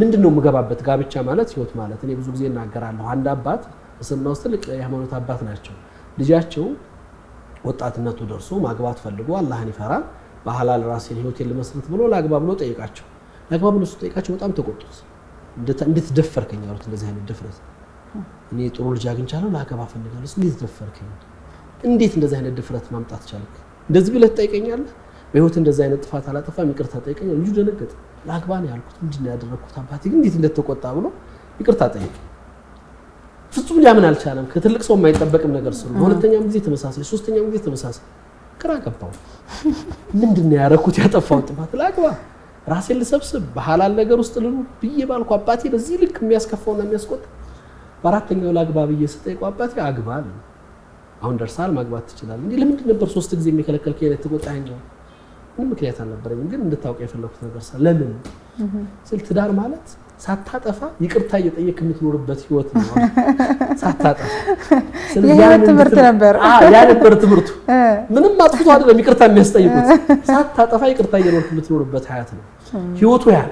ምንድን ነው የምገባበት? ጋብቻ ማለት ህይወት ማለት እኔ ብዙ ጊዜ እናገራለሁ። አንድ አባት እስልምና ውስጥ ትልቅ የሃይማኖት አባት ናቸው። ልጃቸው ወጣትነቱ ደርሶ ማግባት ፈልጎ አላህን ይፈራ በሐላል ራሴን ህይወቴን ልመስረት ብሎ ለአግባ ብሎ ጠይቃቸው ለአግባ ብሎ ጠይቃቸው በጣም ተቆጡት። እንዴት ደፈርከኝ አሉት። እንደዚህ አይነት ድፍረት እኔ ጥሩ ልጅ አግኝቻለሁ ለአገባ ፈልጋለሁ፣ እንዴት ደፈርከኝ? እንዴት እንደዚህ አይነት ድፍረት ማምጣት ቻልክ? እንደዚህ ብለህ ትጠይቀኛለህ? በህይወት እንደዛ አይነት ጥፋት አላጠፋም ይቅርታ ጠይቀኝ። ልጁ ደነገጠ። ለአግባ ነው ያልኩት ምንድን ነው ያደረግኩት አባቴ ግን እንዴት እንደተቆጣ ብሎ ይቅርታ ጠይቀ። ፍጹም ሊያምን አልቻለም። ከትልቅ ሰው የማይጠበቅም ነገር ስሉ በሁለተኛም ጊዜ ተመሳሳይ፣ ሶስተኛም ጊዜ ተመሳሳይ ግራ ገባው። ምንድን ነው ያደረኩት? ያጠፋው ጥፋት ለአግባ ራሴን ልሰብስብ በሀላል ነገር ውስጥ ልሉ ብዬ ባልኩ አባቴ በዚህ ልክ የሚያስከፋውና የሚያስቆጣ በአራተኛው ለአግባ ብዬ ስጠይቁ አባቴ አግባ አሁን ደርሳል ማግባት ትችላል እንዲህ ለምንድን ነበር ሶስት ጊዜ የሚከለከል ከሄደ ተቆጣ ምን ምክንያት አልነበረኝም፣ ግን እንድታውቅ የፈለኩት ነገር ለምን ስል ትዳር ማለት ሳታጠፋ ይቅርታ እየጠየቅ የምትኖርበት ህይወት ነው። ሳታጠፋ የህይወት ትምህርት ነበር። ያ ነበር ትምህርቱ። ምንም አጥፍቶ አይደለም ይቅርታ የሚያስጠይቁት፣ ሳታጠፋ ይቅርታ እየኖርክ የምትኖርበት ሀያት ነው ህይወቱ ያ